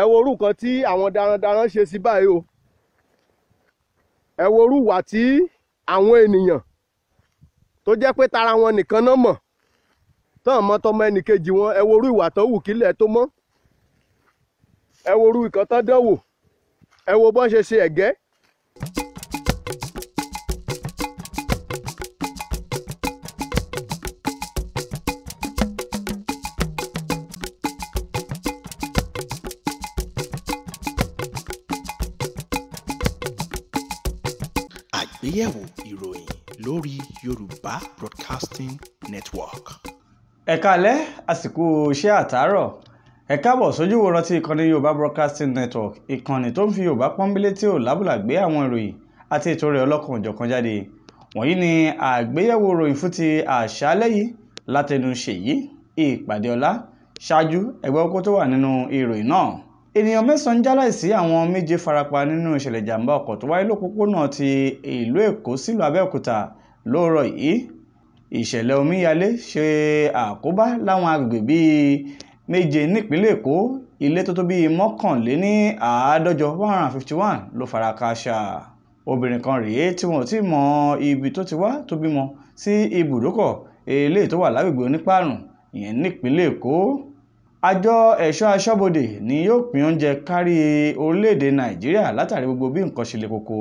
ẹ wo orú nǹkan tí àwọn darandaran ṣe sí báyìí o ẹ wo orú wà tí àwọn ènìyàn tó jẹ́ pé tara wọn nìkan náà mọ̀ tán mọ́ tọmọ ẹnìkejì wọn ẹ wo orú ìwà tó wù kílẹ̀ tó mọ́ ẹ wo orú ìkan dánwò ẹ wo bọ́n ṣe ṣe ẹ̀gẹ́ àgbéyẹ̀wò ìròyìn lórí Yorùbá Broadcasting Network. ẹ káalẹ́ àsìkò iṣẹ́ àtàárọ̀ ẹ káàbọ̀ sójú ìwòran ti ìkànnì Yorùbá Broadcasting Network ìkànnì tó ń fi Yorùbá pọ́nbélé tí ò lábùlà gbé àwọn ìròyìn àti ètò rẹ̀ ọlọ́kan òjọ̀kan jáde wọ̀nyí ni àgbéyẹ̀wò ìròyìn fún ti àṣálẹ́ yìí látẹnu Ṣèyí Ìpàdéọlá ṣáájú ẹgbẹ́ kókó tó wà nínú ìròyìn náà ènìyàn mẹ́sàn-án jáláìsí àwọn méje farapa nínú ìṣẹ̀lẹ̀ ìjàmbá ọkọ̀ tó wáyé lópópónà ti ìlú èkó sílùú abẹ́òkúta lóòrọ̀ yìí ìṣẹ̀lẹ̀ omíyalé ṣe àkóbá láwọn agbègbè bíi méje nípínlẹ̀ èkó ilé tó tó bíi mọ́kànléní àádọ́jọ one hundred and fifty one ló fara kááṣá obìnrin kan rèé tí wọn ò tí mọ ibi tó ti wá tó bímọ sí ibùdókọ̀ eléyìí tó wà lágbègbè onípààrùn ìyẹn nípínlẹ̀ èkó àjọ ẹ̀ṣọ́ aṣọ́bodè ni yóò pín oúnjẹ kárí orílẹ̀-èdè nàìjíríà látàrí gbogbo bí nǹkan ṣe le koko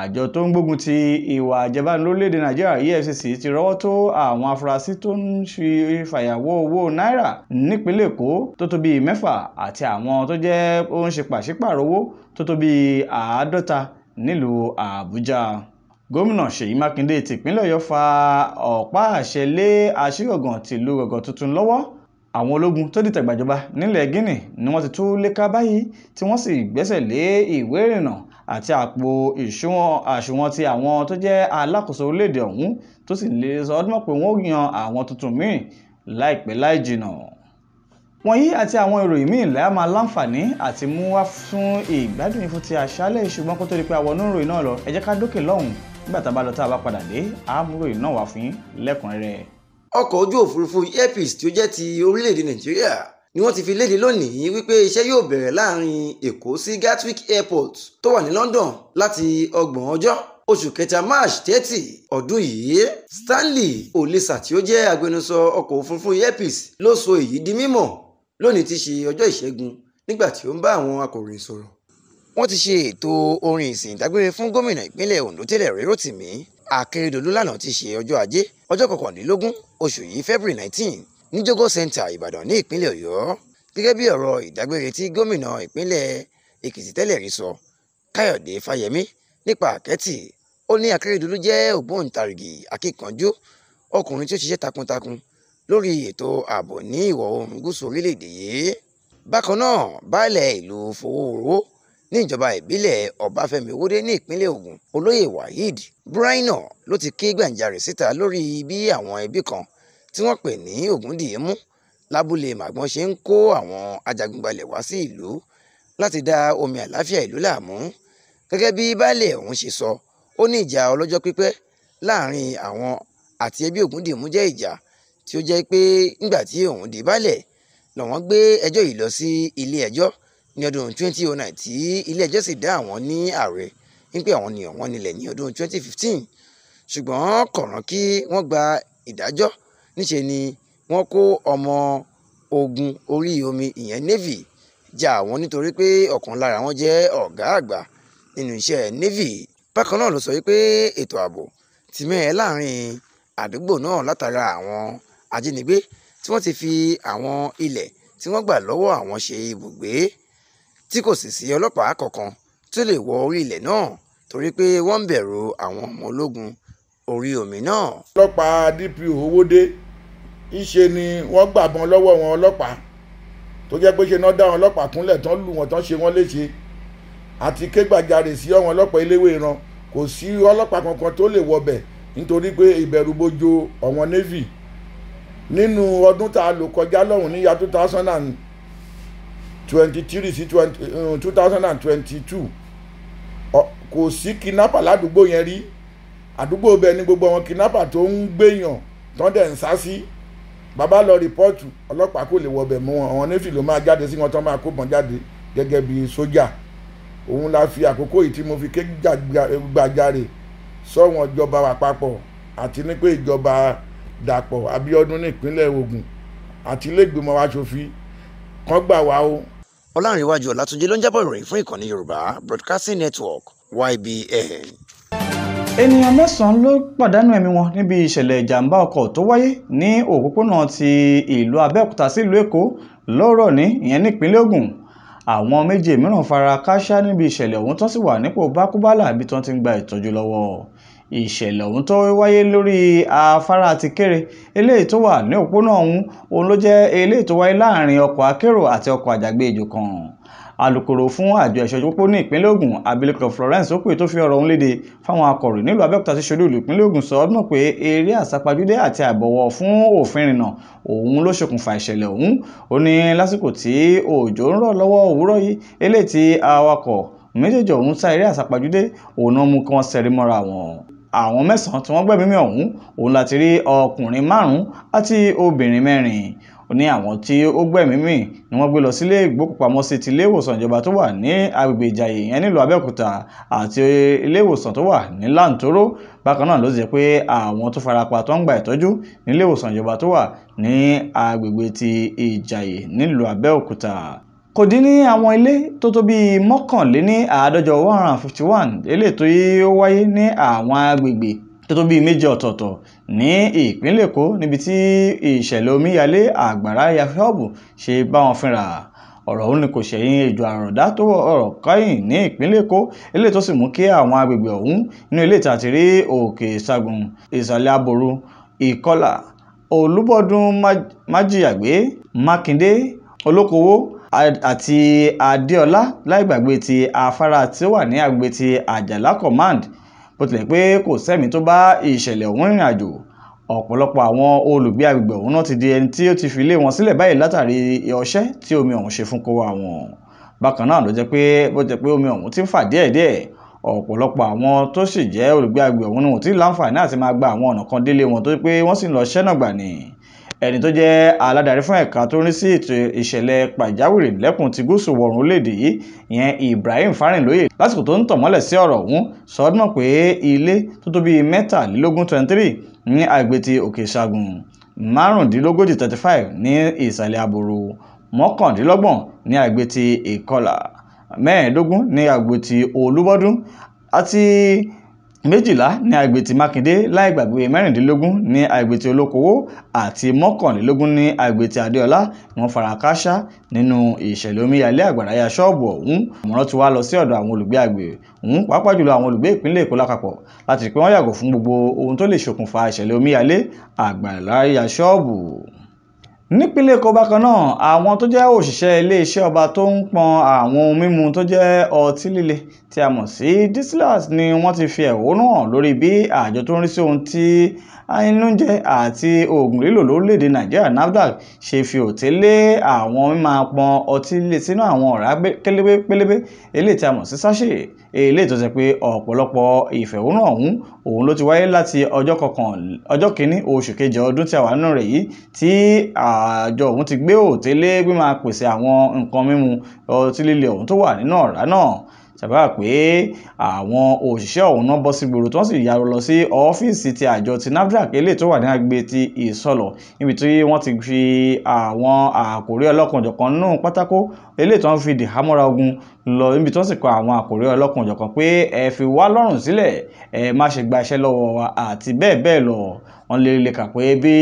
àjọ tó ń gbógun ti ìwà àjẹbánu lórílẹ̀‐èdè nàìjíríà efcc ti rọ́wọ́ tó àwọn afurasí tó ń fi fàyàwọ́ owó náírà nípínlẹ̀ èkó tó tó bíi mẹ́fà àti àwọn tó jẹ́ ó ń ṣe pàṣípàrọ̀ owó tó tó bíi àádọ́ta nílùú àbújá gómìnà ṣèyí mákindé tìpínlẹ̀ ọ̀yọ́ fa ọ̀pá àṣẹ lé aṣígọ̀gàn tìlú gọ̀gàn tuntun lọ́wọ́ àwọn ológun tó dìtẹ̀ gbàjọba nílẹ̀ Guinea ni wọ́n ti tú lẹ́ka báyìí tí wọ́n sì gbẹ́sẹ̀ lé ìwé ìrìnnà àti àpò àsùnwọ̀n ti àwọn tó jẹ́ alákòóso orílẹ̀-èdè ọ̀hún tó sì lè sọ ọdún mọ̀ pé wọ́n ó yan àwọn tuntun míì láìpẹ́ láì jìnnà wọ̀nyí àti àwọn ìròyìn míì lẹ́yà máa láǹfààní àti mú wá fún ìgbádùn ìfún ti àṣálẹ̀ ṣùgbọ́n kó tó di pé àwọn oníròyìn náà lọ ẹ jẹ́ ká dókè lọ́hùn-ún nígbà tá a bá lọ tá a bá padà dé àmúròyìn náà wá fún yín lẹ́kùnrẹ́rẹ́ ọkọ̀ ojú òfurufú Air Peace tí ó jẹ́ ti orílẹ̀-èdè Nàìjíríà ni wọ́n ti fi léde lónìí wípé iṣẹ́ yóò bẹ̀rẹ̀ láàrin Èkó sí Gatwick Airport tó wà ní London láti ọgbọ̀n ọjọ́ oṣù kẹta March thirty ọdún yìí Stanley Olisa tí ó jẹ́ agbẹnusọ ọkọ̀ òfurufú Air Peace ló sọ èyí di mímọ̀ lónìí ti ṣe ọjọ́ ìṣẹ́gun nígbà tí ó ń bá àwọn akọ̀ròyìn sọ̀rọ̀ wọ́n ti ṣe ètò orin ìsìn ìdágbére fún gómìnà ìpínlẹ̀ Ondo tẹ́lẹ̀ rí Rotimi akérèdọ́lù lánàá ti ṣe ọjọ́ ajé ọjọ́ kọkànlélógún oṣù yìí february nineteen ní jogo center ìbàdàn ní ìpínlẹ̀ ọ̀yọ́ gẹ́gẹ́ bí ọ̀rọ̀ ìdágbére tí gómìnà ìpínlẹ̀ èkìtì tẹ́lẹ̀ rí sọ káyọ̀dé fáyemí nípa àkẹ́tì ó ní akérèdọ́lù jẹ́ ògbóǹtarìgì akíkanjú ọkùnrin tí ó ṣiṣẹ́ takuntakun lórí ètò ààbò ní ìwọ̀ oòrùn gúúsù orílẹ̀-èdè yìí bákan náà baálẹ̀ ìlú fowórowó ní ìjọba ìbílẹ̀ ọbáfẹ́mi owódé ní ìpínlẹ̀ ògùn olóyè waheed braina ló ti ké gbàǹjarè síta lórí bí àwọn ẹbí kan tí wọ́n pè ní ògúndìímú lábúlé màgbọ́n ṣe ń kó àwọn ajagunbalẹ̀ wá sí ìlú láti dá omi àláfíà ìlú láàmú gẹ́gẹ́ bí baálé ọ̀hún ṣe sọ ó ní ìjà ọlọ́jọ́ pípẹ́ láàrin àwọn àti ẹbí ògúndìímú jẹ́ ìjà tí ó jẹ́ pé ńgbà tí òun di baálẹ̀ lọ́wọ́n gbé ẹjọ́ yìí lọ sí ilé ẹjọ́ ní ọdún 2009 tí ilé ẹjọ́ sì dá àwọn ní ààrẹ wípé àwọn ni ọ̀wọ́n nílẹ̀ ní ọdún 2015 ṣùgbọ́n kọ̀ràn kí wọ́n gba ìdájọ́ níṣe ni wọ́n kó ọmọ ogun orí omi ìyẹn navy jà wọ́n nítorí pé ọ̀kan lára wọn jẹ́ ọ̀gá àgbà nínú iṣẹ́ navy bákan náà ló sọ wípé ètò ààbò ti mẹ́ẹ̀ láàrin àdúgbò náà látara àwọn ajínigbé tí wọ́n ti fi àwọn ilẹ̀ tí wọ́n gbà lọ́wọ́ àwọn ṣe ibùgbé tí kò sì sí ọlọ́pàá kankan tó lè wọ orí ilẹ̀ náà torí pé wọ́n ń bẹ̀rù àwọn ọmọ ológun orí omi náà. ọlọ́pàá DPO Owódé ńṣe ni wọ́n gbàbọn lọ́wọ́ wọn ọlọ́pàá tó jẹ́ pé ṣe náà dá wọn ọlọ́pàá kúnlẹ̀ tán lù wọ́n tán ṣe wọ́n léṣe àti ké gbàjarè sí ọwọn ọlọ́pàá eléwé ìran kò sí ọlọ́pàá kankan tó lè wọbẹ̀ nítorí pé ìbẹ̀rùbojo ọ̀wọ́n navy nínú ọdún tá a lò kọjá lọ́hùn níyà two thousand and twenty three uh, sí two thousand and twenty two kò sí kidnapper ládùúgbò yẹn rí àdúgbò bẹ́ẹ̀ ni gbogbo àwọn kidnapper tó ń gbèyàn tán dẹ̀ ń sá sí bàbá lọ rìpọ́ọ̀tù ọlọ́pàá kò lè wọbẹ̀ mú wọn àwọn onífì ló máa jáde sí wọn tán máa kó bọn jáde gẹ́gẹ́ bí sójà òun la fi àkókò yìí tí mo fi ké gbàjarè sọ́wọ́n ìjọba àpapọ̀ àti ní pé ìjọba Dàpọ̀ Abíọ́dún nípínlẹ̀ Ògùn àti ilé ìgbìmọ̀ asòfin kan gbà wá o ọlárìnwájú ọlátúnjẹ ló ń jábọ̀ ìròyìn fún ìkànnì yorùbá broadcasting network ybn. ènìyàn mẹ́sàn-án ló pàdánù ẹ̀mí wọn níbi ìṣẹ̀lẹ̀ ìjàmbá ọkọ̀ tó wáyé ní òpópónà ti ìlú abẹ́òkúta sílùú èkó lọ́rọ̀ ní ìyẹn nípínlẹ̀ ògùn àwọn méjì mìíràn fara kááṣá níbi ìṣẹ̀lẹ̀ ọ̀hún tó sì wà nípò bákúbálà níbi tó ti ń gba ìtọ́jú lọ́wọ́ ìṣẹ̀lẹ̀ ọ̀hún tó wáyé lórí afárá ti kéré eléyìí tó wà ní òpópónà ọ̀hún òun ló jẹ́ eléyìí tó wáyé láàrin ọkọ̀ akérò àti ọkọ̀ àjàgbé ejò kan alūkkóró fún àjọ ẹ̀ṣọ́ òpópónà ìpínlẹ̀ Ògùn abilékọ Florence Okoye tó fi ọ̀rọ̀ ọ̀hún léde fáwọn akọ̀ròyìn nílùú Abẹ́òkúta tí ṣojú ìlú ìpínlẹ̀ Ògùn sọ ọdún pé eré àsápajúdé àti àìbọ̀wọ̀ fún òfin ìrìnnà òun ló ṣokùnfà ìṣẹ̀lẹ̀ ọ̀hún ó ní lásìkò tí òjò ń rọ̀ lọ́wọ́ òwúrọ̀ yìí eléyìí tí awakọ̀ méjèèjì ọ̀hún sá eré àsápajúdé òun náà mú kí wọ́n ṣẹ́rí mọ́ra wọn àwọn mẹ́sàn-án tí wọ́n gbẹ̀mí ọ̀hún òun láti rí ọkùnrin márùn-ún àti obìnrin mẹ́rin ó ní àwọn tí ó gbẹ̀mí ni wọ́n gbé lọ sílé ìgbókùpamọ́sí ti iléèwòsàn ìjọba tó wà ní agbègbè ìjàyè yẹn nílùú àbẹ́òkúta àti iléèwòsàn tó wà ní làǹtóró bákan náà ló ti jẹ́ pé àwọn tó farapa tó ń gba ìtọ́jú níléèwòsàn ìjọba tó wà ní agbègbè ti ìjàyè nílùú àbẹ́òkúta kò dín ní àwọn ilé tó tó bíi mọ́kànléní àádọ́jọ one hundred and fifty one eléyìí tó yí ó wáyé ní àwọn agbègbè tó tó bíi méje ọ̀tọ̀ọ̀tọ̀ ní ìpínlẹ̀ èkó níbi tí ìṣẹ̀lẹ̀ omíyalé àgbàrá ya ṣọ́ọ̀bù ṣe bá wọn fínra ọ̀rọ̀ òun ni kò ṣẹ̀yìn èjò àròdá tó ọ̀rọ̀ kọ́yìn ní ìpínlẹ̀ èkó eléyìí tó sì mú kí àwọn agbègbè ọ̀hún nínú ilé ìtàtírí òkè ìṣàgùn ìsàlẹ̀ aboru ìkọlà olúbọ̀dún májìyàgbé mákindé olókòwò àti adéọlá láìgbàgbé ti afárá tí ó wà ní agbègbè ti àjàlá command bó tilẹ̀ pé kò sẹ́mi tó bá ìṣẹ̀lẹ̀ ọ̀hún ìrìn àjò ọ̀pọ̀lọpọ̀ àwọn olùgbé agbègbè ọ̀hún náà ti di ẹni tí ó ti fi ilé wọn sílẹ̀ báyìí látàrí ọṣẹ́ tí omi ọ̀hún ṣe fún kó wa wọn bákan náà ló jẹ́ pé bó jẹ́ pé omi ọ̀hún ti ń fà díẹ̀díẹ̀ ọ̀pọ̀lọpọ̀ àwọn tó sì jẹ́ olùgbé agbègbè ọ̀hún náà ò tí láǹfààní àti máa gba àwọn ọ̀nà kan délé wọn tó pé wọ́n sì ń lọ ṣẹ́ náà gbà nìyí ẹni tó jẹ́ aládarí fún ẹ̀ka tó ń rí sí ètò ìṣẹ̀lẹ̀ pàjáwìrì lẹ́kùn ti gúúsù wọ̀rùn orílẹ̀ yìí ìyẹn Ibrahim Farinlóye lásìkò tó ń tàn mọ́lẹ̀ sí ọ̀rọ̀ ọ̀hún sọ ọ́ pé ilé tó tó mẹ́tàlélógún twenty three ní agbègbè ti Òkè Ṣàgùn márùndínlógójì thirty five ní ìsàlẹ̀ àbòrò mọ́kàndínlọ́gbọ̀n ní agbègbè ti Ìkọlà mẹ́ẹ̀ẹ́dógún ní agbègbè ti Olúbọ́dún àti méjìlá ní agbè ti mákindé láì gbàgbé mẹ́rìndínlógún ní agbè ti olókòwò àti mọ́kànlélógún ní agbè ti adéọlá ni wọ́n fara kááṣá nínú ìṣẹ̀lẹ̀ omíyalé àgbàráyà ṣọ́ọ̀bù ọ̀hún àmọ̀ràn ti wá lọ sí ọ̀dọ̀ àwọn olùgbé agbè ọ̀hún pàápàá jùlọ àwọn olùgbé ìpínlẹ̀ èkó lápapọ̀ láti rí pé wọ́n yàgò fún gbogbo ohun tó lè ṣokùnfà ìṣẹ̀lẹ̀ omíyalé àgbàráyà ṣọ́ọ̀bù nípínlẹ̀ èkó bákan náà àwọn tó jẹ́ òṣìṣẹ́ iléeṣẹ́ ọba tó ń pọn àwọn ohun mímu tó jẹ́ ọtí líle tí a mọ̀ sí distillers ni wọ́n ti fi ẹ̀hónú hàn lórí bí àjọ tó ń rí sí ohun tí Ìnújẹ àti Oògùn Lílò lórílẹ̀-èdè Nàìjíríà (NAFDAC) ṣe fi òté lé àwọn mímáa pọn ọtí líle sínú àwọn ọ̀rá pélébé eléyìí tí a mọ̀ sí sachet, eléyìí tó jẹ́ pé ọ̀pọ̀lọpọ̀ ìfẹ̀hónúhàn ọ̀hún ọ̀hún ló ti wáyé láti ọjọ́ 1 oṣù kejì ọdún tí a wà nínú rẹ̀ yìí tí àjọ ọ̀hún ti gbé òté lé mímáa pèsè àwọn nǹkan mímu ọtí líle ọ̀hún tó wà nínú ọ̀rá náà ṣàbá pé àwọn òṣìṣẹ́ ọ̀hún náà bọ́ sí gbòòrò tí wọ́n sì yàrá lọ sí ọ́fíìsì ti àjọ ti nafdac eléyìí tó wà ní agbè ti ìsọlọ̀ níbi tí wọ́n ti fi àwọn àkòrí ọlọ́kanòjọ̀kan nínú pátákó eléyìí tó ń fi dìhámọ́ra ogun lọ níbi tó ń sìnkú àwọn àkòrí ọlọ́kùnrin ọ̀jọ̀kan pé ẹ fi wá lọ́rùn sílẹ̀ ẹ má ṣe gba iṣẹ́ lọ́wọ́ wa àti bẹ́ẹ̀ bẹ́ẹ̀ lọ wọn lè lè kà pé bí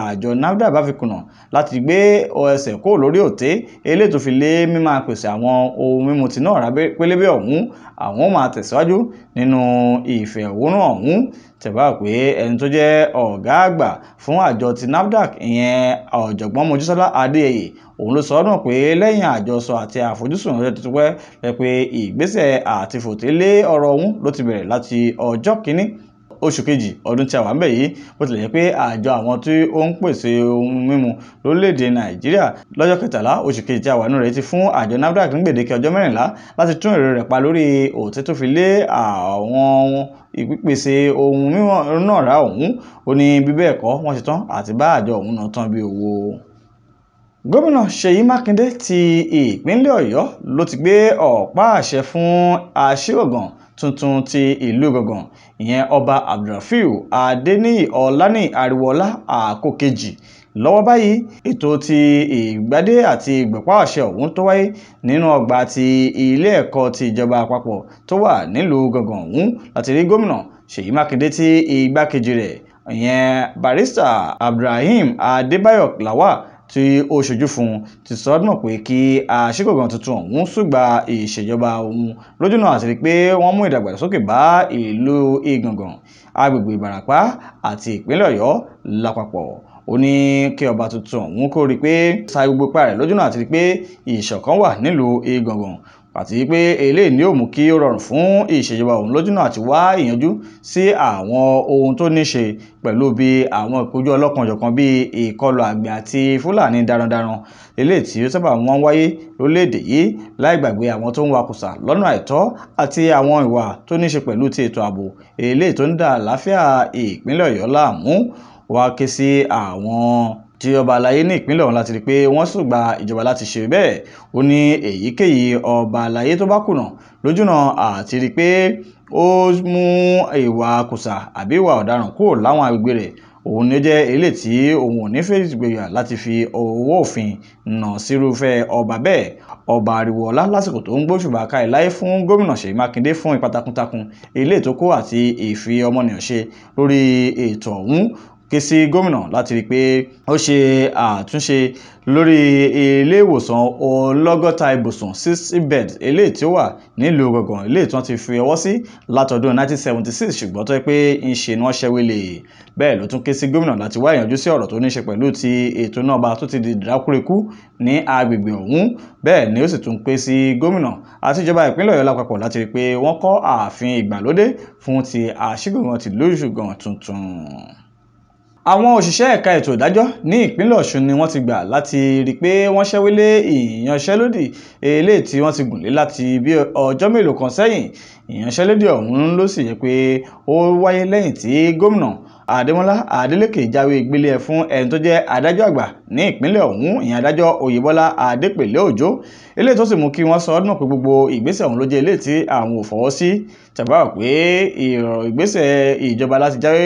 àjọ nafdac bá fi kùnà láti gbé ẹsẹ̀ kó lórí òté eléyìí tó fi lé mímá pèsè àwọn ohun mímu tí náà rà pélébé ọ̀hún àwọn máa tẹ̀síwájú nínú ìfẹ̀hónú ọ̀hún tẹ̀bá pé ẹni tó jẹ́ ọ̀gá àgbà fún àjọ ti nafdac ìyẹn ọ̀jọ̀gbọ́n mojísọ́lá adéyẹyẹ òun ló sọ ọ́ náà pé lẹ́yìn àjọsọ àti àfojúsùn rẹ̀ tuntun pẹ́ rẹ̀ pé ìgbésẹ̀ àti fòtélé ọ̀rọ̀ ọ̀hún ló ti bẹ̀rẹ̀ láti ọjọ́ kìíní oṣù kejì ọdún tí a wà ń bẹ̀ yìí bó tilẹ̀ jẹ́ pé àjọ àwọn tí ó ń pèsè ohun mímu lórílẹ̀‐èdè nàìjíríà lọ́jọ́ kẹtàlá oṣù kejì tí a wà nínú rẹ̀ ti fún àjọ nafdac ní gbèdéke ọjọ́ mẹ́rìnlá láti tún èrò rẹ̀ pa lórí òtẹ́ tó fi lé àwọn ìpèsè ohun mímu náà ra ọ̀hún ó ní bíbẹ́ ẹ̀kọ́ wọ́n ti tán àti bá àjọ ọ̀hún náà tán bí owó gómìnà ṣèyí mákindé ti ìpínlẹ̀ ọ̀yọ́ ló ti gbé ọ̀pá àṣẹ fún aṣígangan tuntun ti ìlú ìgangan ìyẹn ọba abdulrafiu adẹniyí ọláníyì ariwoola àkókejì lọ́wọ́ báyìí ètò ti ìgbádé àti ìgbọ̀pá àṣẹ ọ̀hún tó wáyé nínú ọgbà ti ilé ẹ̀kọ́ ti ìjọba àpapọ̀ tó wà nílùú gangan ọ̀hún láti rí gómìnà ṣèyí mákindé tí igbákejì rẹ̀ ìyẹn barista abdulrahim adébáyọ̀ lawal tí ó ṣojú fún un ti sọ ọ́ dùn pé kí aṣíkògàn tuntun ọ̀hún ṣùgbà ìṣèjọba òun lójúnà àti rí pé wọ́n mú ìdàgbàsókè bá ìlú ìgangan agbègbè ìbarapá àti ìpínlẹ̀ ọ̀yọ́ lápapọ̀ ó ní kí ọba tuntun ọ̀hún kó rí i pé sa gbogbo ipá rẹ̀ lójúnà àti i pé ìṣọ̀kan wà nílùú ìgangan àti pé eléyìí ni ó mú kí ó rọrùn fún ìṣèjọba òun lójúnà àti wá ìyanjú sí àwọn ohun tó ní ṣe pẹ̀lú bí àwọn ìpọ́njú ọlọ́kanòjọ̀kan bíi ìkọlù àgbẹ̀ àti fúlàní darandaran eléyìí tí ó sábà wọ́n ń wáyé lórílẹ̀‐èdè yìí láì gbàgbé àwọn tó ń wakùsà lọ́nà àìtọ́ àti àwọn ìwà tó ní ṣe pẹ̀lú ti ètò ààbò eléyìí tó ń da àlàáfíà ìpínlẹ̀ ọ̀yọ́ láàmú wá ké sí àwọn tí ọba àlàyé ní ìpínlẹ̀ ọ̀hún láti rí i pé wọ́n ṣùgbà ìjọba láti ṣe bẹ́ẹ̀ ó ní èyíkéyìí ọba àlàyé tó bá kùnà lójúnà àti rí i pé ó mú ìwà kùsà àbí ìwà ọ̀daràn kúrò láwọn agbègbè rẹ̀ òun ni ó jẹ́ eléyìí tí òun ò ní fèsì gbèyà láti fi owó òfin nà sírúfẹ́ ọba bẹ́ẹ̀ ọba àríwọ̀ọ́lá lásìkò tó ń gbóṣùbà ká ìláyé fún gómìnà ṣèyí mákindé fún ipa takuntakun eléyìí àti ìfi ọmọnìyàn ṣe lórí ètò ọ̀hún ké sí gómìnà láti rí i pé ó ṣe àtúnṣe lórí ilé ìwòsàn ọlọ́gọ́ta ibùsùn sixty bed eléyìí tí ó wà nílùú Igangan eléyìí tí wọ́n ti fi ọwọ́ sí látọdún 1976 ṣùgbọ́n tó yẹ pé ń ṣe ni wọ́n ṣẹ́wélẹ̀ bẹ́ẹ̀ ló tún ké sí gómìnà láti wá ìyànjú sí ọ̀rọ̀ tó ní ṣe pẹ̀lú ti ètò náà bá tó ti di ìdákúrekú ní agbègbè ọ̀hún bẹ́ẹ̀ ni ó sì tún ké sí gómìnà àti ìjọba ìpínlẹ̀ Ọ̀yọ́ lápapọ̀ láti rí i pé wọ́n kọ́ ààfin ìgbàlódé fún ti àṣìgbọ̀ngàn tìlú Ìṣùgàn tuntun àwọn òṣìṣẹ́ ẹ̀ka ètò ìdájọ́ ní ìpínlẹ̀ ọ̀ṣun ni wọ́n ti gbà láti rí i pé wọ́n ṣẹ́wélé ìyanṣẹ́lódì eléyìí tí wọ́n ti gùn lé láti bí ọjọ́ mélòó kan sẹ́yìn ìyanṣẹ́lódì ọ̀hún ló sì jẹ́ pé ó wáyé lẹ́yìn tí gómìnà Adémọ́lá Adélékè jáwé gbélé ẹ̀ fún ẹni tó jẹ́ adájọ́ àgbà ní ìpínlẹ̀ ọ̀hún ìyẹn adájọ́ Oyèbọ́lá Adépèlé Òjó eléyìí tó sì mú kí wọ́n sọ ọdún pé gbogbo ìgbésẹ̀ ọ̀hún ló jẹ́ eléyìí tí àwọn ò fọwọ́ sí tàbá pé ìgbésẹ̀ ìjọba láti jáwé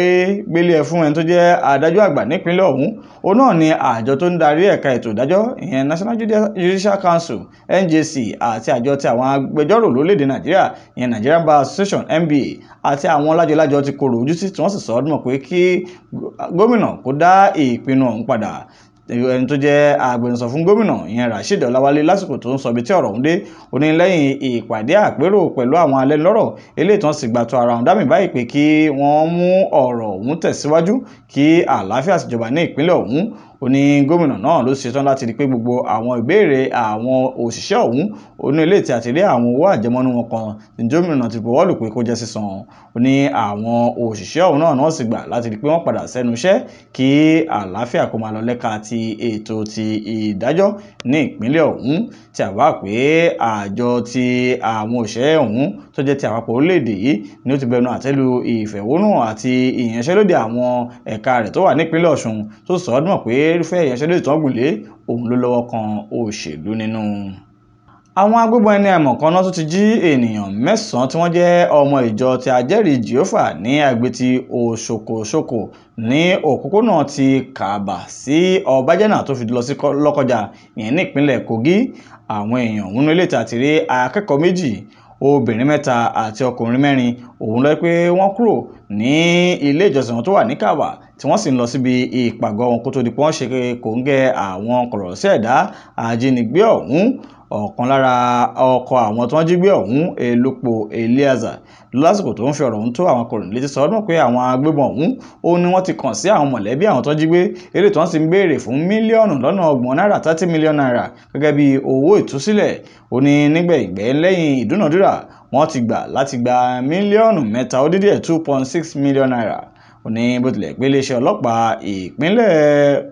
gbélé ẹ̀ fún ẹni tó jẹ́ adájọ́ àgbà nípínlẹ̀ ọ̀hún òun náà ni àjọ tó ń darí ẹ̀ka ètò ìdájọ́ ìyẹn National Judicial Council NJC àti àjọ ti àwọn agbẹjọ́rò lórílẹ̀‐èdè Nàìjíríà ìyẹn Nigerian Bar Association NBA àti àwọn lájọlájọ ti kòrò ojú sí tí wọ́n sì sọ ọdún pé k kí gómìnà kó dá ìpinnu ọ̀hún padà ẹni tó jẹ́ agbẹnusọ fún gómìnà ìyẹn Rasheed Ọláwálé lásìkò tó ń sọ ibi tí ọ̀rọ̀ ń dé ó ní lẹ́yìn ìpàdé àpérò pẹ̀lú àwọn alẹ́nulọ́rọ̀ eléyìí tó ń sì gbàtọ̀ ara ọ̀hún dámì báyìí pé kí wọ́n mú ọ̀rọ̀ ọ̀hún tẹ̀síwájú kí àlàáfíà sì jọba ní ìpínlẹ̀ ọ̀hún ó ní gómìnà náà ló ṣetán láti rí pé gbogbo àwọn ìbéèrè àwọn òṣìṣẹ́ ọ̀hún onú ilé tí a ti rí àwọn owó àjẹmọ́nú wọn kan ní gómìnà ti buwọ́lù pé kó jẹ́ sísan ó ní àwọn òṣìṣẹ́ ọ̀hún náà náà sì gbà láti rí pé wọ́n padà sẹ́nu iṣẹ́ kí àlàáfíà kó máa lọ lẹ́ka ti ètò ti ìdájọ́ ní ìpínlẹ̀ ọ̀hún tí a bá pé àjọ ti àwọn òṣìṣẹ́ ọ̀hún tó jẹ́ ti àpapọ̀ orílẹ̀-èdè yìí ni ó ti bẹnu àtẹ́lu ìfẹ̀hónúhàn àti ìyanṣẹ́lódì àwọn ẹ̀ka rẹ̀ tó wà nípínlẹ̀ ọ̀ṣun tó sọ ọ́ dùn pé irúfẹ́ ìyanṣẹ́lódì tó ń gùn lé òun ló lọ́wọ́ kan òṣèlú nínú àwọn agbébọn ẹni àmọ̀ kan náà tún ti jí ènìyàn mẹ́sàn-án tí wọ́n jẹ́ ọmọ ìjọ ti àjẹ́rìí jehova ní agbè ti òṣokòṣoko ní òpópónà ti Kàbà sí Ọbájẹ́nà tó fi lọ sí Lọ́kọ́jà ìyẹn ní ìpínlẹ̀ Kogi àwọn èèyàn òun nílé ìta ti rí akẹ́kọ̀ọ́ méjì obìnrin mẹ́ta àti ọkùnrin mẹ́rin òun lọ pé wọ́n kúrò ní ilé ìjọsìn wọn tó wà ní Kàbà tí wọ́n sì ń lọ síbi ìpàgọ́ wọn kó tó di pé wọ́n ṣe kòńgẹ́ àwọn kọ̀rọ̀sẹ̀ ẹ̀dá ajínigbé ọ̀hún ọ̀kan lára ọkọ̀ àwọn tí wọ́n jí gbé ọ̀hún Elupo Eliaza lásìkò tó ń fi ọ̀rọ̀ ọ̀hún tó àwọn akọ̀ròyìn létí sọ́dún pé àwọn agbébọn ọ̀hún ó ní wọ́n ti kàn sí àwọn mọ̀lẹ́bí àwọn tó jí gbé eré tí wọ́n sì ń béèrè fún mílíọ̀nù lọ́nà ọgbọ̀n náírà thirty million naira gẹ́gẹ́ bí owó ìtúsílẹ̀ ó ní nígbà ìgbẹ́ lẹ́yìn ìdúnàdúrà wọ́n ti gbà láti gba mílíọ̀nù mẹ́ta ó dídí ẹ̀ two point six million naira ó ní bó tilẹ̀ pé iléeṣẹ́ ọlọ́pàá ìpínlẹ̀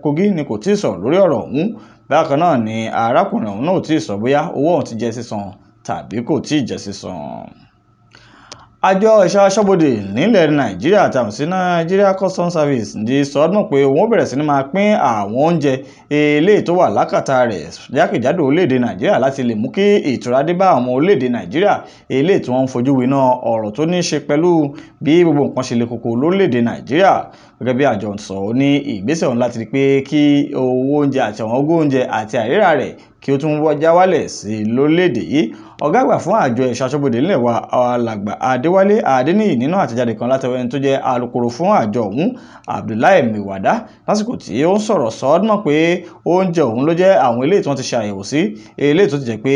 Kogi ni kò tí ì sọ̀rọ̀ lórí ọ̀rọ̀ ọ̀hún bákan náà ni arákùnrin ọ̀hún náà ò tí ì sọ bóyá owó ọ̀hún ti jẹ́ sísan tàbí kò tí ì jẹ́ sísan àjọ ẹ̀ṣọ́ aṣọ́bodè nílẹ̀ nàìjíríà tàbí sí nàìjíríà customs service di sọdún pé wọ́n bẹ̀rẹ̀ sí ni máa pín àwọn oúnjẹ eléyìí tó wà lákàtà rẹ̀ jákèjádò orílẹ̀-èdè nàìjíríà láti lè mú kí ìtura dé bá àwọn ọmọ orílẹ̀-èdè nàìjíríà eléyìí tí wọ́n ń fojú winá ọ̀rọ̀ tó ní í ṣe pẹ̀lú bí gbogbo nǹkan ṣe le koko lórílẹ̀-èdè nàìjíríà gẹ́gẹ́ bí àjọ sọ ní ìgbésẹ̀ ọ̀hún láti rí pé kí owó oúnjẹ àti àwọn ogún oúnjẹ àti àríra rẹ̀ kí ó tún wọ́jà wálẹ̀ sí i lórílẹ̀‐èdè yìí ọ̀gá àgbà fún àjọ ẹ̀ṣọ́ aṣọ́bodè nílẹ̀ wa alàgbà adéwálé adéníyì nínú àtẹ̀jáde kan látọwọ́ ẹni tó jẹ́ alukoro fún àjọ ọ̀hún abdullahi miwada lásìkò tí ó ń sọ̀rọ̀ sọ́ọ́dún pé oúnjẹ ọ̀hún ló jẹ́ àwọn eléyìí tí wọ́n ti ṣe sí eléyìí tó ti jẹ́ pé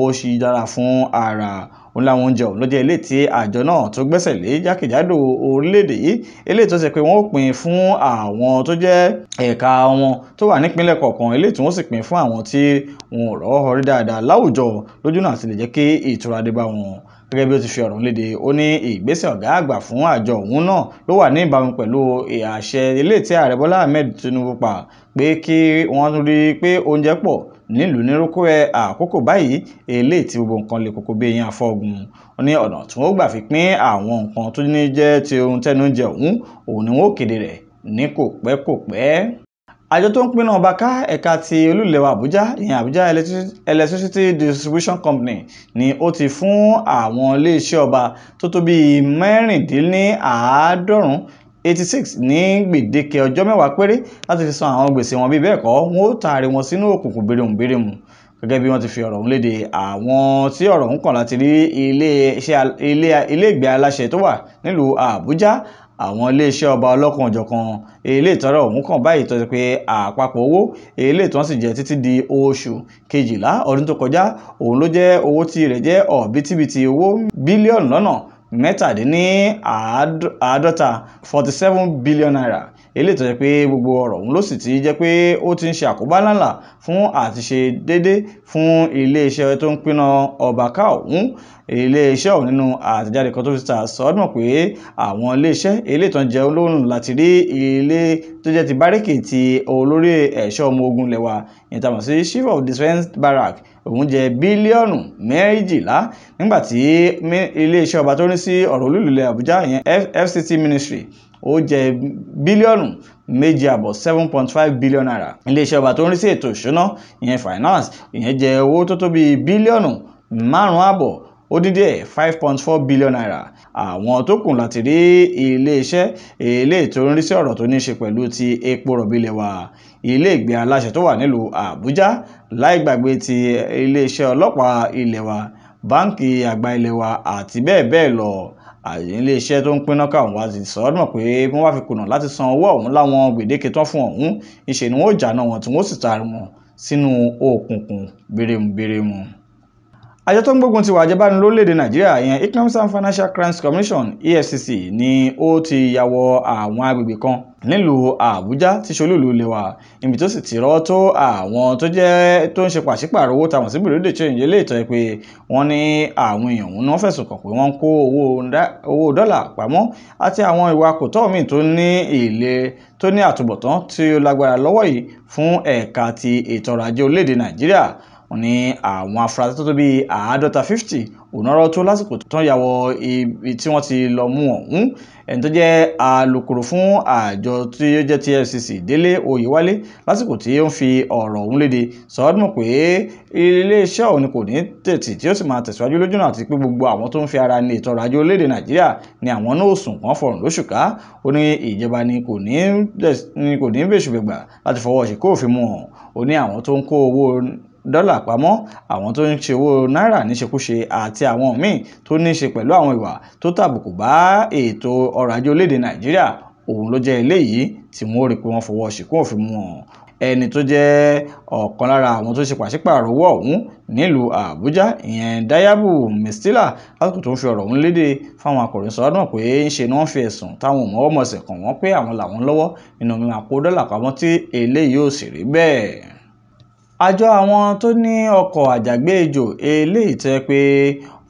ó ṣì dára fún ara òun làwọn oúnjẹ ọ̀hún ló jẹ́ ilé tí àjọ náà tó gbẹ́sẹ̀ lé jákèjádò orílẹ̀-èdè yìí eléyìí tó ṣe pé wọ́n ó pín fún àwọn tó jẹ́ ẹ̀ka wọn tó wà nípínlẹ̀ kọ̀ọ̀kan eléyìí tí wọ́n sì pín fún àwọn tí wọn ò rọ́ọ́ rí dáadáa láwùjọ lójú náà sì lè jẹ́ kí ìtura dé bá wọn gẹ́gẹ́ bí ó ti fi ọ̀rọ̀ léde ó ní ìgbésẹ̀ ọ̀gá àgbà fún àjọ òun náà ló wà ní ìbámu pẹ̀lú àṣẹ ilé tí ààrẹ Bọ́lá Ahmed Tinubu pa pé kí wọ́n rí i pé oúnjẹ pọ̀ nílùú nírúkú ẹ àkókò báyìí eléyìí tí gbogbo nǹkan lè kókó bí eyín afọ́gun ó ní ọ̀nà tí wọ́n gbà fi pín àwọn nǹkan tó ní jẹ́ ti ohun tẹ́nu jẹ òun òun ni wọ́n kéde rẹ̀ ní kò pẹ́ kò pẹ́ àjọ tó ń pinnu ọba ká ẹ̀ka ti olúlẹ̀wà àbújá ìyẹn àbújá electricity distribution company ni ó ti fún àwọn iléeṣẹ́ ọba tó tó bíi mẹ́rìndínláàádọ́rùn-ún eighty six ní gbèdéke ọjọ́ mẹ́wàá péré láti fi san àwọn gbèsè wọn bí bẹ́ẹ̀ kọ́ wọn ó taari wọn sínú òkùnkùn birimù birimù gẹ́gẹ́ bí wọ́n ti fi ọ̀rọ̀ ọ̀hún léde àwọn tí ọ̀rọ̀ ọ̀hún kàn láti rí ilé ìgbé aláṣẹ tó wà nílùú Àbújá àwọn iléeṣẹ́ ọba ọlọ́kan òjọ̀kan ilé ìtọ́rọ̀ ọ̀hún kàn báyìí tọ́jú pé àpapọ̀ owó ilé ìtọ́ sì jẹ́ títí di oṣù kejìlá ọdún tó kọjá òun ló jẹ́ owó tí rẹ̀ jẹ́ ọ̀bítíbitì owó bílíọ̀nù lọ́nà mẹ́tàdínníàádọ́ta forty seven billion naira eléyìí tó jẹ́ pé gbogbo ọ̀rọ̀ ọ̀hún ló sì ti jẹ́ pé ó ti ń ṣe àkóbá ńláńlá fún àtiṣe déédé fún iléeṣẹ́ tó ń pinná ọbàká ọ̀hún iléeṣẹ́ ọ̀hún nínú àtẹ̀jáde kan tó fi ta sọ́dún pé àwọn iléeṣẹ́ eléyìí tó ń jẹ olóòrùn láti rí ilé tó jẹ́ ti báríkì ti olórí ẹ̀ṣọ́ ọmọ ogun lẹ́wà ìtàmọ̀ sí chief of defence barrack òun jẹ bílíọ̀nù mẹ́rìnjìlá nígbà tí iléeṣẹ́ ọba tó ní sí ọ̀rọ̀ olúlu ilẹ̀ Àbújá ìyẹn FCT Ministry ó jẹ bílíọ̀nù méjì àbọ̀ seven point five billion naira iléeṣẹ́ ọba tó ń rí sí ètò ìṣúná ìyẹn finance ìyẹn jẹ owó tó tó bíi bílíọ̀nù márùn-ún àbọ̀ ó dín díẹ̀ five point four billion naira àwọn tó kù láti rí iléeṣẹ́ eléyìí tó ń rí sí ọ̀rọ̀ tó ní ṣe pẹ̀lú ti epo rọ̀bì ilẹ̀ wa ilé ìgbé aláṣẹ tó wà nílùú Àbújá láì gbàgbé ti iléeṣẹ́ ọlọ́pàá ilẹ̀ wa báǹkì àgbà ilẹ̀ wa àti bẹ́ẹ̀ bẹ́ẹ̀ lọ iléeṣẹ́ tó ń pinná káwọn wá ti sọ ọ́dún pé wọ́n wá fi kùnà láti san owó ọ̀hún láwọn gbèdéke tán fún ọ̀hún ìṣe ni ò jà náà wọn tí wọ́n sì taari sínú òkùnkùn birimubirimu àjọ tó ń gbógun ti wà àjẹbánu lórílẹ̀‐èdè nàìjíríà ìyẹn economic and financial crimes commission efcc ni ó ti yàwọ̀ àwọn agbègbè kan nílùú àbújá tí ṣolú ìlú ilé wa ibi tó sì ti rọ́ tó àwọn tó jẹ́ tó ń ṣe pàṣípààrọ̀ owó tamọ̀ sí bìrìdè tí òyìnbó lè tọ́ ẹ pé wọ́n ní àwọn èèyàn wọn ni wọ́n fẹ̀sùn kàn pé wọ́n ń kó owó dọ́là pamọ́ àti àwọn ìwà kòtọ́ míì tó ní ìlé tó ní àtúbọ̀tán tí ó lágbára lọ́wọ́ yìí fún ẹ̀ka ti ètò ọrọ̀ ajé orílẹ̀ nàìjíríà wọ́n ní àwọn afurasí tó tó bíi àádọ́ta fifty ònàrọ̀ tó lásìkò tó ń ya wọ ibi tí wọ́n ti lọ mú ọ̀hún ẹni tó jẹ́ alukoro fún àjọ tí ó jẹ́ ti EFCC délé oyèwálé lásìkò tí ó ń fi ọ̀rọ̀ ọ̀hún léde sọ ọ́ dùn pé iléeṣẹ́ òun kò ní tètì tí ó sì máa tẹ̀síwájú lójúnà àti pé gbogbo àwọn tó ń fi ara ní ètò ọrọ̀ ajé orílẹ̀-èdè nàìjíríà ni àwọn náà sùn wọ́n fọ̀rùn lóṣù ká ó ní ìjọba ni kò ní bẹ̀ṣùbẹ̀gbà láti fọwọ́ ṣe kó òfin mu hàn ó ní àwọn tó ń kó owó dọ́là pamọ́ àwọn tó ń ṣe owó náírà níṣekúṣe àti àwọn míì tó ní í ṣe pẹ̀lú àwọn ìwà tó tàbùkù bá ètò ọrọ̀ ajé orílẹ̀-èdè nàìjíríà òun ló jẹ́ eléyìí tí wọ́n rí pé wọ́n fọwọ́ ṣìkún òfin mu wọn ẹni tó jẹ́ ọ̀kan lára àwọn tó ṣe pàṣípààrọ̀ owó ọ̀hún nílùú àbújá ìyẹn dayabu mistila lásìkò tó ń fi ọ̀rọ̀ ọ̀hún léde fáwọn akọ̀ròyìn sọ̀rọ̀ náà pé ń ṣe ni wọ́n fi ẹ̀sùn táwọn ọmọọmọọ̀sẹ̀ kàn wọ́n pé àwọn làwọn lọ́wọ́ nínú mímọ́ àpò dọ́là pamọ́ tí eléyìí ò sì rí bẹ́ẹ̀ àjọ àwọn tó ní ọkọ̀ ajàgbéejò eléyìí tó pé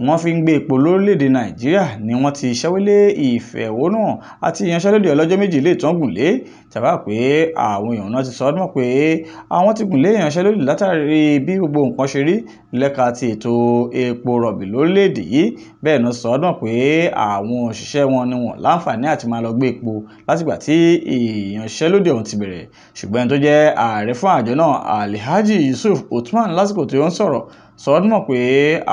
wọ́n fi ń gbé ipò lórílẹ̀‐èdè nàíjíríà ni wọ́n ti ṣẹ́wọ́lé ìfẹ̀hónúhàn àti ìyanṣẹ́lódì ọlọ́jọ́ méjì lè tán gùn lé tàbá pé àwọn èèyàn náà ti sọ ọdún pé àwọn ti gùn lé ìyanṣẹ́lódì látàrí bí gbogbo nǹkan ṣe rí lẹ́ka ti ètò epo rọ̀bì lórílẹ̀‐èdè yìí bẹ́ẹ̀ náà sọ ọdún pé àwọn òṣìṣẹ́ wọn ni wọ́n láǹfààní àti máa lọ gbé epo látìgbà tí ìyanṣẹ́lódì ọ̀hún yusuf othman lásìkò tí sọ̀rọ̀ mọ̀ pé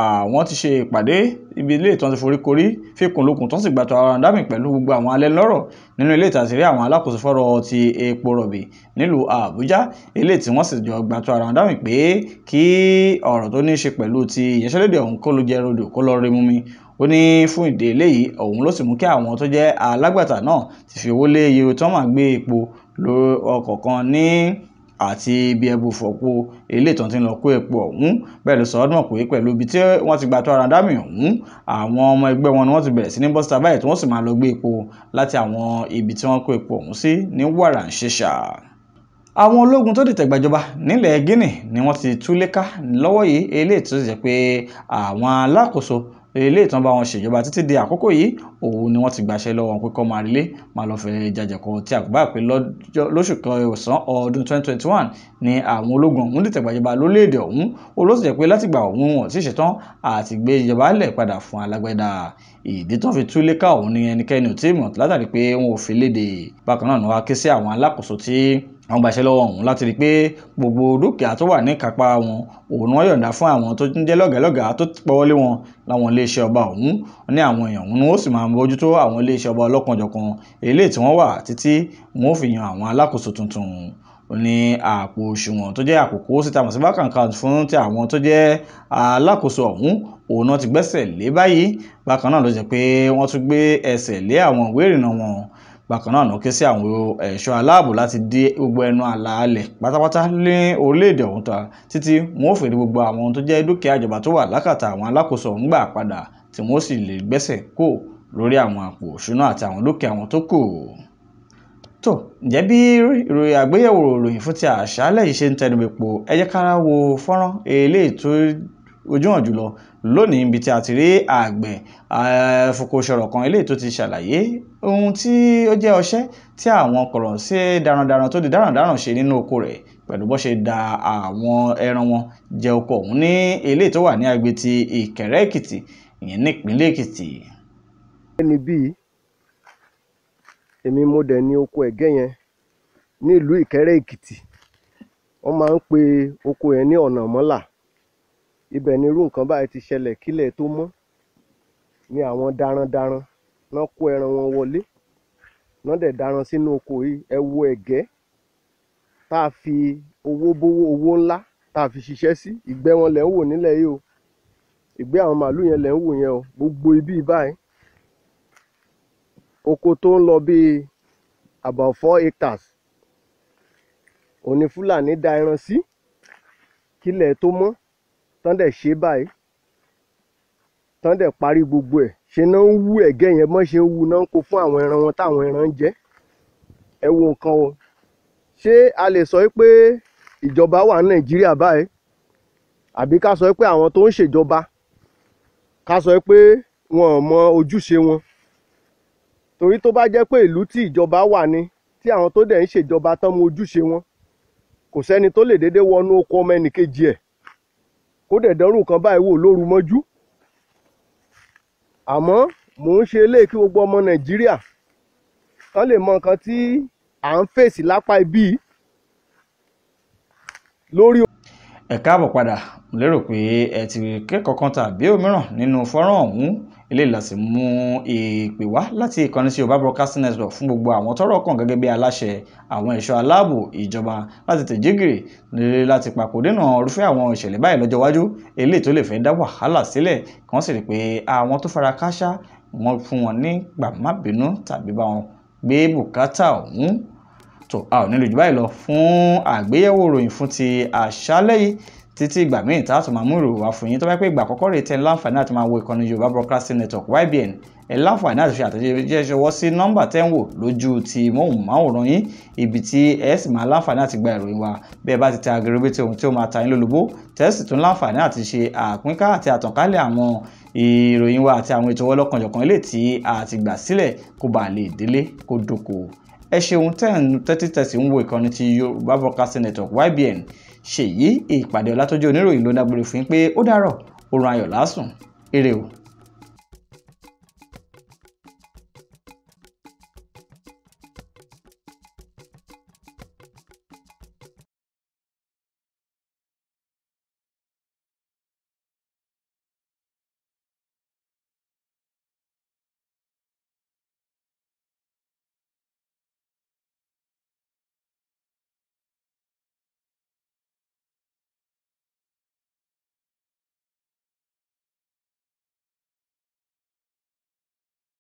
àwọn ti ṣe ìpàdé ibi ilé ìtàn ti forí korí fíkun lókun tó sì gbàtọ ara dámì pẹ̀lú gbogbo àwọn alẹ́ lọ́rọ̀ nínú ilé ìtàn àṣírí àwọn alákòóso fọ́rọ̀ ti epo rọ̀bì nílùú àbújá ilé tí wọ́n sì jọ gbàtọ ara dámì pé kí ọ̀rọ̀ tó ní í ṣe pẹ̀lú ti ìyanṣẹ́lódì ọ̀hún kó ló jẹ rodò kó lọ rí mú mi ó ní fún ìdí eléyìí ọ̀hún ló sì mú kí àwọn tó jẹ́ alágbàtà náà ti fi owó lé iye tí máa gbé epo lọ ọkọ̀ kan ní àti ibi ẹbu fọ̀pọ̀ ilé ìtàn tí ń lọ kó epo ọ̀hún bẹ́ẹ̀ ló sọ ọdún pé pẹ̀lú ibi tí wọ́n ti gba tó ara dámì ọ̀hún àwọn ọmọ ẹgbẹ́ wọn ni wọ́n ti bẹ̀rẹ̀ sí ní bọ́sítà báyìí tí wọ́n sì máa lọ gbé epo láti àwọn ibi tí wọ́n kó epo ọ̀hún sí ní wàrà ń ṣèṣà àwọn ológun tó dìtẹ̀ gbàjọba nílẹ̀ Guinea ni wọ́n ti tú léka lọ́wọ́ yìí eléyìí tó sì jẹ́ pé àwọn alákòóso ilé ìtàn bá wọn ṣèjọba títí di àkókò yìí òun ni wọ́n ti gbàṣẹ lọ́wọ́ wọn pé kọ́ máa lé máa lọ́ọ́ fẹ́ jajẹ̀kọ tí àkùbá pé lóṣù kẹsàn ọdún 2021 ni àwọn ológun ọ̀hún dìtẹ̀ gbàjọba lórílẹ̀‐èdè ọ̀hún olóṣèjẹ́ pé látìgbà ọ̀hún wọn sì ṣetán àti gbé ìjọba lẹ̀ padà fún alágbẹ́dà ìdí tó fi tú léka ọ̀hún ni ẹnikẹ́ni ò tí ì mọ̀ látàrí pé wọn ò fi léde bákan náà ni wọ́n á ké sí àwọn alákòóso tí àwọn gbàṣẹ lọ́wọ́ ọ̀hún láti rí i pé gbogbo dúkìá tó wà ní kápá wọn òun wọn yọ̀ǹda fún àwọn tó ń jẹ́ lọ́gàálọ́gàá tó pọ́wọ́lé wọn láwọn iléeṣẹ́ ọba ọ̀hún ní àwọn èèyàn ọ̀hún ó sì máa bójútó àwọn iléeṣẹ́ ọba ọlọ́kanjọ̀kan eléyìí tí wọ́n wà títí wọn ó fi yan àwọn alákòóso tuntun ní àpò òṣùwọ̀n tó jẹ́ àkókò síta mọ̀síbá kankan fún ti àwọn tó jẹ́ alákòóso ọ̀hún òun náà ti gbẹ́sẹ̀ lé báyìí bákan náà ló jẹ́ pé wọ́n tún gbé ẹsẹ̀ lé àwọn ìwé ìrìnnà wọn bákan náà ló ké sí àwọn ẹ̀ṣọ́ aláàbò láti dé gbogbo ẹnu àlàálẹ̀ pátápátá lé orílẹ̀-èdè ọ̀hún ta títí wọn ò fèrè gbogbo àwọn tó jẹ́ dúkìá ìjọba tó wà lákàtà àwọn alákòóso ọ̀hún gbà padà tí wọn ó sì lè gbẹ́sẹ̀ kó lórí àwọn àpò òṣùnà àti àwọn dúkìá wọn tó kù tó ǹjẹ́ bí ìròyìn àgbéyẹ̀wò ìròyìn fún ti àṣálẹ̀ yìí ṣe ń tẹnu wo fọ́nrán eléyìí tó ojú hàn jùlọ lónìí ibi tí a ti rí àgbẹ̀ eh, fòkò sọ̀rọ̀ kan eléyìí tó ti ṣàlàyé ohun tí ó jẹ́ ọṣẹ́ tí àwọn kọ̀rọ̀ sí darandaran tó di darandaran ṣe nínú oko rẹ̀ pẹ̀lú bó ṣe da àwọn ẹran wọn jẹ oko ọ̀hún ní eléyìí tó wà ní agbe ti ìkẹ̀rẹ́ èkìtì ìyẹn nípínlẹ̀ èkìtì. ẹni bíi èmi mo dẹ̀ ní oko ẹ̀gẹ́ yẹn nílùú ìkẹrẹ́ èkìtì wọ́n máa ń pe oko yẹn ní ọ̀nà mọ́là ibẹ̀ ni irú nǹkan báyìí ti ṣẹlẹ̀ kílẹ̀ tó mọ́ ni àwọn darandaran náà kó ẹran wọn wọlé náà dẹ̀ daran sínú oko yìí ẹ wo ẹ̀gẹ́ tá a fi owó bówó owó ńlá tá a fi ṣiṣẹ́ sí ìgbẹ́ wọn lẹ̀ ń wò nílẹ̀ yìí o ìgbẹ́ àwọn màálù yẹn lẹ̀ ń wò yẹn o gbogbo ibi báyìí oko tó ń lọ bíi about four hectares òní Fúlàní da ẹran sí kílẹ̀ tó mọ́ tán dẹ̀ ṣe báyìí tán dẹ̀ parí gbogbo ẹ̀ ṣe náà ń wú ẹ̀gẹ́ yẹn mọ́ ṣe ń wú náà ń kó fún àwọn ẹran wọn táwọn ẹran ń jẹ ẹ wo nǹkan o ṣé a lè sọ pé ìjọba wà ní Nàìjíríà báyìí àbí ká sọ pé àwọn tó ń ṣèjọba ká sọ pé wọn ò mọ ojúṣe wọn torí tó bá jẹ́ pé ìlú tí ìjọba wà ni tí àwọn tó dẹ̀ ń ṣèjọba tán mọ ojúṣe wọn kò sẹ́ni tó lè déédéé wọnú oko ọmọ ẹnìkejì ẹ̀ kó dẹ̀ dánrù kan báyìí wò lóru mọ́jú àmọ́ mò ń ṣe eléyìí kí gbogbo ọmọ nàìjíríà kán lè mọ nǹkan tí à ń fèsì lápá ibí lórí. ẹ káàbọ̀ padà mo lérò pé ẹ ti kẹ́kọ̀ọ́ kan tàbí òmíràn nínú fọ́nrán ọ̀hún eléyìí la sì mú ìpè wá láti ìkànnì sí Yorùbá Broadcasting Network fún gbogbo àwọn tọ́rọ̀ kàn gẹ́gẹ́ bí aláṣẹ àwọn ẹ̀ṣọ́ aláàbò ìjọba láti tẹ̀jégìrì láti papò dènà irúfẹ́ àwọn ìṣẹ̀lẹ̀ báyìí lọ́jọ́ iwájú eléyìí tó lè fẹ́ dá wàhálà sílẹ̀ kàn sì rí pé àwọn tó fara kááṣá wọn fún wọn ní gbàmábínú tàbí bá wọn gbé bùkátà ọ̀hún tó a ò nílò jù báyìí lọ fún àgbéyẹ̀wò ìròyìn fún ti àṣálẹ́ yìí títí ìgbà míì tá a tún máa mú ìròyìn wá fún yín tó bá pé ìgbà àkọ́kọ́ rèé tẹ́ láǹfààní àti máa wo ìkànnì yorùbá broadcasting network ybn ẹ láǹfààní àti fi àtẹ̀jẹ́ ṣọwọ́ sí nọ́mbà tẹ́ ń wò lójú ti móhùnmáwòrán yín ibi tí ẹ sì máa láǹfààní àti gba ìròyìn wa bí ẹ bá ti tẹ agèrègbè tí ohun tí ó máa ta yín lólobó tẹ́ sì tún láǹfààní àti ṣe àpínká àti àtànkálẹ̀ àwọn ìròyìn wa àti àwọn ètò ọlọ́kanjọ̀kan ẹ ṣeun tẹ́ ń tẹ́tí tẹ́sí ń wo ìkànnì ti yorùbá broadcasting network ybn ṣèyí ìpàdé ọlátọ́jú oníròyìn ló dágbére fún yín pé ó dàárọ̀ oorun ayọ̀ lásùn ire o.